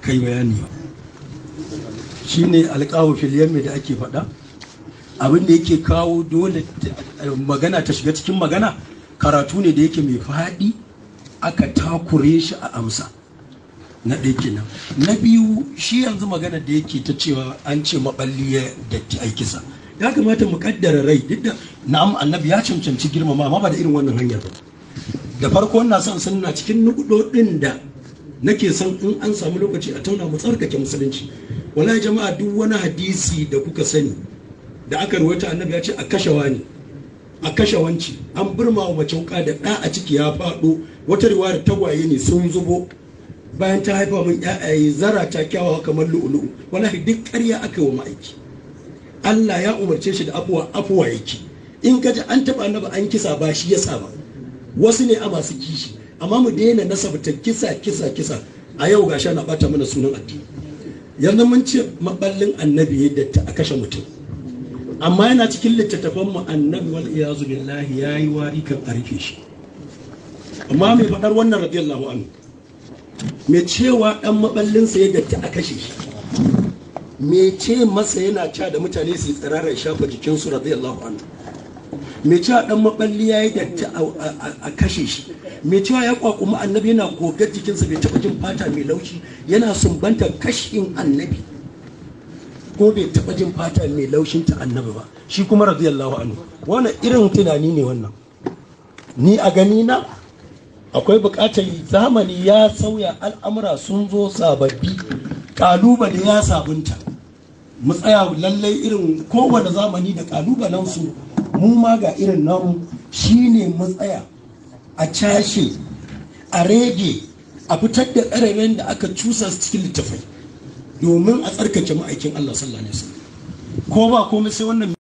kai bayani shi ne alƙawo filiyan da ake faɗa abin da yake kawo dole magana ta shiga cikin magana karatu ne da yake mai faɗi aka takure shi a amsa na ɗaya kenan na biyu shi yanzu magana da yake ta cewa an ce maɓalli ya datti aikisa ya kamata mu kaddara rai duk da na'am annabi ya cancanci girmama amma ba da irin wannan hanyar ba da farko wannan son sunna cikin nukudodin da nake san in an samu lokaci a tauna mu tsarkake musulunci wallahi jama'a duk wani hadisi da kuka sani da aka rawaita annabi ya ce a kashe wani a kashe wanci an burma wa mace wuka da ɗa a ciki ya faɗo wata ta tagwaye ne sun zubo bayan ta haifa min yayaye zara ta kyawawa kamar lu'ulu'u wallahi duk ƙarya aka yi wa ma'aiki Allah ya umarce shi da afuwa afuwa yake in ka an taɓa annabi an kisa ba shi ya saba. wasu ne a masu kishi amma mu daina nasabta kisa kisa kisa a yau gashi ana bata mana sunan addini yanzu mun ce maballin annabi yadda ta a kashe mutum amma yana cikin littattafan mu annabi wal iyazu billahi yayi wari kan arfe shi amma mai faɗar wannan radiyallahu anhu mai cewa dan maballin sa yadda ta a kashe shi mai ce masa yana ca da mutane su tsirarar shafa jikinsu radiyallahu anhu mai cewa dan maballi yi datti a kashe shi mai cewa ya kwakuma annabi yana gogar jikinsa bai taba jin fata mai laushi yana sumbanta kashin annabi ko bai taba jin fata mai laushin ta annabi ba shi kuma radiyallahu anhu wannan irin tunani ne wannan ni a gani na akwai bukatar zamani ya sauya al'amura sun zo sababbi kalubale ya sabunta mu tsaya lallai irin kowane zamani da su. mu ma ga irin namu shine mu tsaya a cashe a rage a fitar da ƙaramin da aka cusa cikin littafai domin a tsarkake ma'aikin Allah sallallahu alaihi wasallam ko ba komai sai wannan